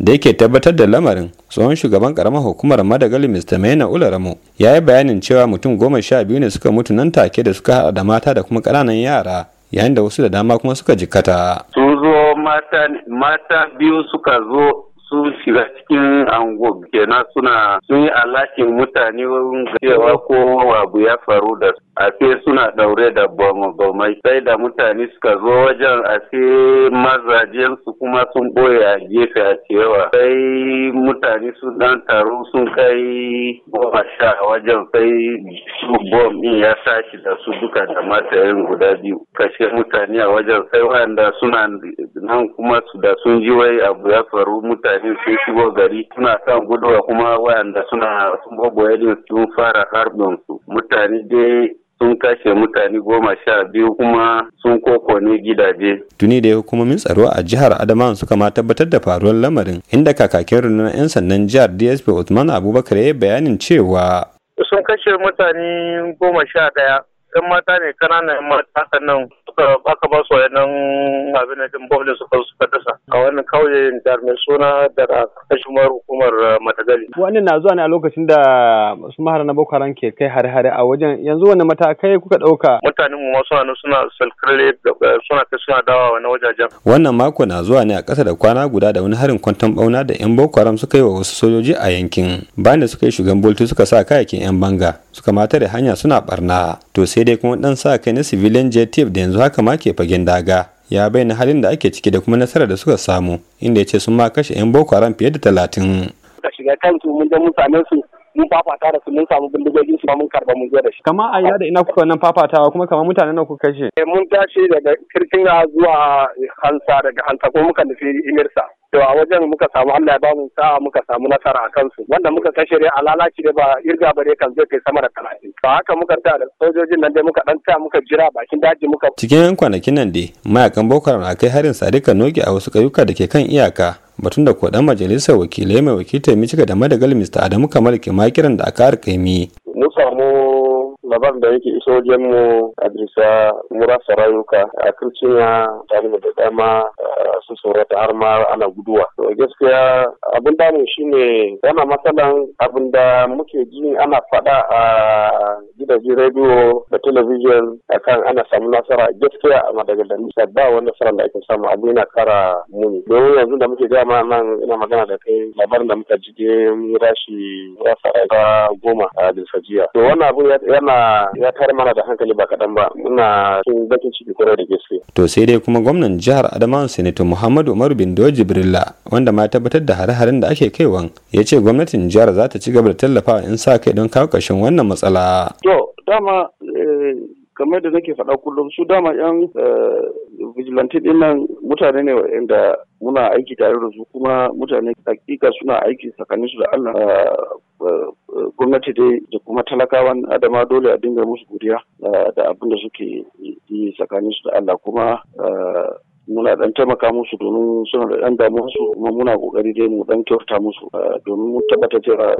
da yake tabbatar da lamarin tsohon shugaban karamar hukumar madagali mr maina ularamo ya yi bayanin cewa mutum goma sha biyu ne suka mutu nan take da suka haɗa da mata da kuma ƙananan yara yayin da wasu da dama kuma suka jikkata. sun zo mata biyu suka zo su shiga cikin angon kenan suna sun yi alakin mutane cewa ko abu ya faru da su a suna daure da bomai sai da mutane suka zo wajen a mazajen su kuma sun boye a gefe a cewa sai mutane sun dan taru sun kai goma sha wajen sai su bom din ya tashi da su duka da matayin guda biyu kashe mutane a wajen sai wanda suna nan kuma su da sun ji wai abu ya faru mutane din sun shigo gari suna kan gudowa kuma wayanda suna sun boboye sun fara harbin su mutane dai sun kashe mutane goma sha biyu kuma sun kokone gidaje. Tuni da hukumomin tsaro a jihar Adamawa suka ma tabbatar da faruwar lamarin inda kakakin rundunar 'yan sandan jihar DSP Usman Abubakar ya bayanin cewa. Sun kashe mutane goma sha daya 'yan mata ne kananan mata sannan aka ba su wayannan abin da bom da suka suka dasa a wannan kauyen da mai suna da kashimar hukumar eh, matagali wannan na zuwa ne a lokacin da su mahara na boko haram ke kai hare-hare a wajen yanzu wani matakai kuka ɗauka? mutanen mu ma suna suna salkare eh, suna kai suna dawa wani wajajen wannan mako na zuwa ne a ƙasa da kwana guda da wani harin kwanton bauna da yan boko haram suka yi wa wasu sojoji a yankin bayan da suka yi shugan bolti suka sa kayakin yan banga suka mata da hanya suna barna to sai dai kuma dan sa kai na civilian jtf da yanzu haka ma ke fagen daga ya bayyana halin da ake ciki da kuma nasarar da suka samu inda ya ce sun ma kashe 'yan boko haram fiye da talatin. da shiga kan su mun je mun same su mun fafata da su mun samu bindigogin su mun karba mun zo da shi. Kama a da ina kuka nan fafatawa kuma kama mutane na kuka kashe. Eh, mun tashi daga kirkira zuwa hansa daga hansa ko muka nufi imirsa. to a wajen muka samu Allah ya bamu sa'a muka samu nasara a kansu wanda muka kashe dai a lalaci dai ba irga ba dai kan zai kai sama da talatin to haka muka ta da sojojin nan dai muka dan ta muka jira bakin daji muka cikin yan kwanakin nan dai mayakan boko haram kai harin sadika noge a wasu kayuka da ke kan iyaka batun da kodan majalisar wakilai mai mai cika da madagal mr adamu kamal makiran da aka harkaimi mu samu labar da yake iso wajen mu a bisa murasa sarayuka a ya tare da dama eh, su tsorata har ma ana guduwa to gaskiya abin shi ne. yana matsalan abin da muke ji ana fada a gidajen rediyo da talabijin akan ana samu nasara gaskiya a madagascar ba wani nasara da ake samu abu yana kara muni domin yanzu da muke gama nan ina magana da kai labarin da muka ji shi rashi rasa goma a bisa jiya to wannan abu yana ya tare mana da hankali ba kaɗan ba muna cikin bakin ciki kwarai da gaske. To sai dai kuma gwamnan jihar Adamawa Sanato Muhammadu Umaru Bindo Jibrilla wanda ma tabbatar da hare-haren da ake kaiwan ya ce gwamnatin jihar za ta ci gaba da tallafawa in sa kai don kawo ƙarshen wannan matsala. To dama eh, kamar da nake faɗa kullum su dama yan eh, vigilante din nan mutane ne wa'anda muna aiki tare da su kuma mutane hakika suna aiki tsakanin su da Allah eh, gwamnati dai da kuma talakawan adama dole a dinga musu godiya ah, da abin da suke yi tsakanin su da Allah kuma ah, muna dan taimaka musu domin suna da dan damuwa su kuma muna kokari dai mu dan kyauta musu ah, domin mun tabbata cewa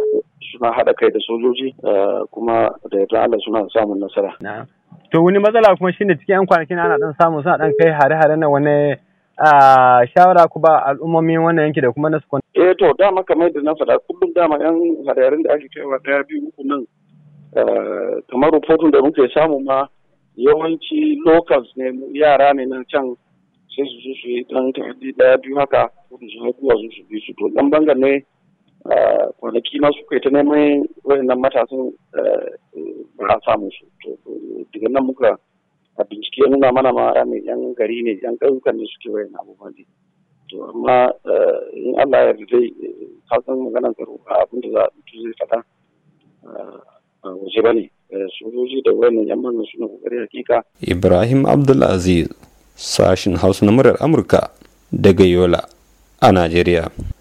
suna hada kai da sojoji kuma da yadda Allah suna samun nasara. To wani matsala kuma shine cikin 'yan kwanakin ana dan samu suna dan kai hare-hare na wani shawara ku ba al'ummomin wannan yanki da kuma na sukon. Eh to dama kamar yadda na faɗa kullum dama yan hadarin da ake kaiwa ɗaya biyu uku nan eh, kamar rufotun da muke samu ma yawanci locals ne yara ne nan can sai su su yi ɗan ta'addi ɗaya biyu haka ko su haihuwa su su bi su to ɗan bangar ne kwanaki ma su kai ta neman wayannan matasan eh, ba a samu su to daga nan muka a bincike nuna mana ma ne yan gari ne yan ƙauyukan ne suke wayan abubuwan ne to amma eh, in Allah ya rufe eh, kasan san maganar tsaro a abin da za a zai faɗa eh, a waje ba ne sojoji da wayannan yan manzan suna kokari hakika Ibrahim Abdulaziz sashin Hausa na murar Amurka daga Yola a Najeriya